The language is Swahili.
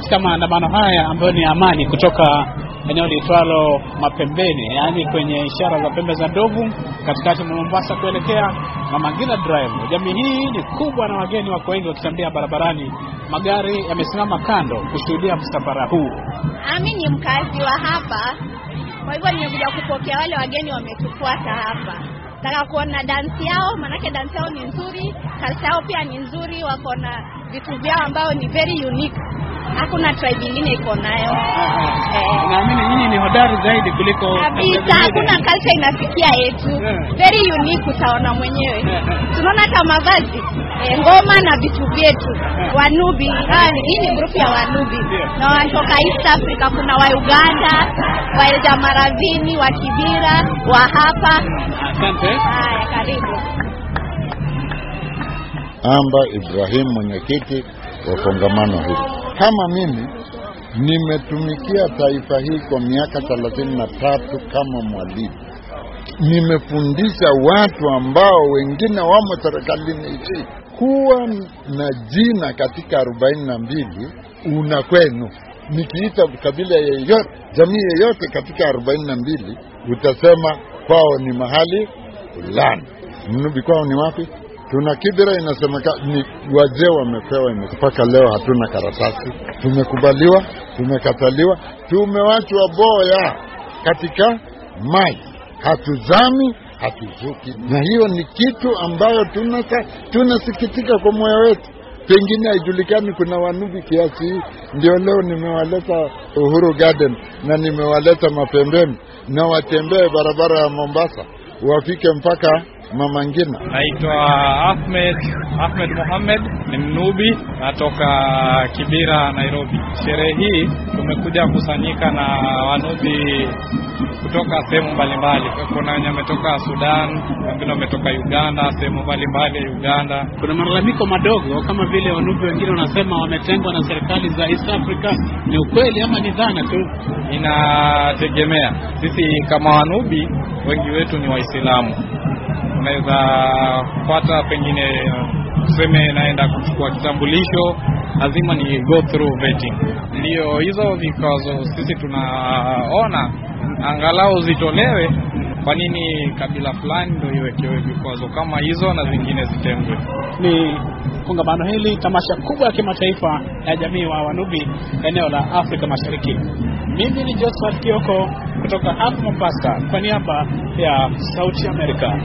katika maandamano haya ambayo ni amani kutoka eneo liitwalo Mapembeni, yaani kwenye ishara za pembe za ndovu katikati mwa Mombasa kuelekea Mama Ngina Drive. Jamii hii ni kubwa na wageni wako wengi wakitembea barabarani. Magari yamesimama kando kushuhudia msafara huu. Mimi ni mkazi wa hapa, kwa hivyo nimekuja kupokea wale wageni wametufuata hapa taka kuona dansi yao, maanake dansi yao ni nzuri, kalsa yao pia ni nzuri, wako na vitu vyao ambao ni very unique hakuna tribe nyingine iko nayo. Ah, ah. Eh. Naamini nyinyi ni hodari zaidi kuliko kabisa. Hakuna culture inafikia yetu, eh. very unique, utaona mwenyewe. Eh, Tunaona hata mavazi eh, ngoma na vitu vyetu. Wanubi, ah, hii ni group ya Wanubi na wanatoka East Africa. Kuna wa Uganda, wa Eldoradini, wa Kibira, wa hapa. Asante. Haya, karibu Amba Ibrahim, mwenyekiti wa kongamano hili. Kama mimi nimetumikia taifa hii kwa miaka thelathini na tatu kama mwalimu, nimefundisha watu ambao wengine wamo serikalini hii. Kuwa na jina katika arobaini na mbili una kwenu. Nikiita kabila yeyote, jamii yeyote katika arobaini na mbili utasema kwao ni mahali fulani. Mnubi kwao ni wapi? tuna kidira inasemeka ni wazee wamepewa, mpaka leo hatuna karatasi. Tumekubaliwa, tumekataliwa, tumewachwa boya katika maji, hatuzami hatuzuki, na hiyo ni kitu ambayo tunasikitika kwa moyo wetu. Pengine haijulikani kuna wanubi kiasi hii. Ndio leo nimewaleta Uhuru Garden na nimewaleta mapembeni, na watembee barabara ya Mombasa wafike mpaka Mama Ngina. Naitwa Ahmed Ahmed Mohamed, ni mnubi natoka Kibira, Nairobi. Sherehe hii tumekuja kusanyika na wanubi kutoka sehemu mbalimbali. Kuna wenye wametoka Sudan, wengine wametoka Uganda, sehemu mbalimbali ya Uganda. Kuna malalamiko madogo kama vile wanubi wengine wanasema wametengwa na serikali za East Africa. Ni ukweli ama ni dhana tu? Inategemea. Sisi kama wanubi wengi wetu ni Waislamu unaweza kupata pengine, tuseme naenda kuchukua kitambulisho, lazima ni go through vetting. Ndio hizo vikwazo sisi tunaona angalau zitolewe. Kwa nini kabila fulani ndo iwekewe vikwazo kama hizo na zingine zitengwe? Ni kongamano hili tamasha kubwa ya kimataifa ya jamii wa Wanubi eneo la Afrika Mashariki. Mimi ni Josephat Kioko kutoka hapa Mombasa kwa niaba ya Sauti Amerika.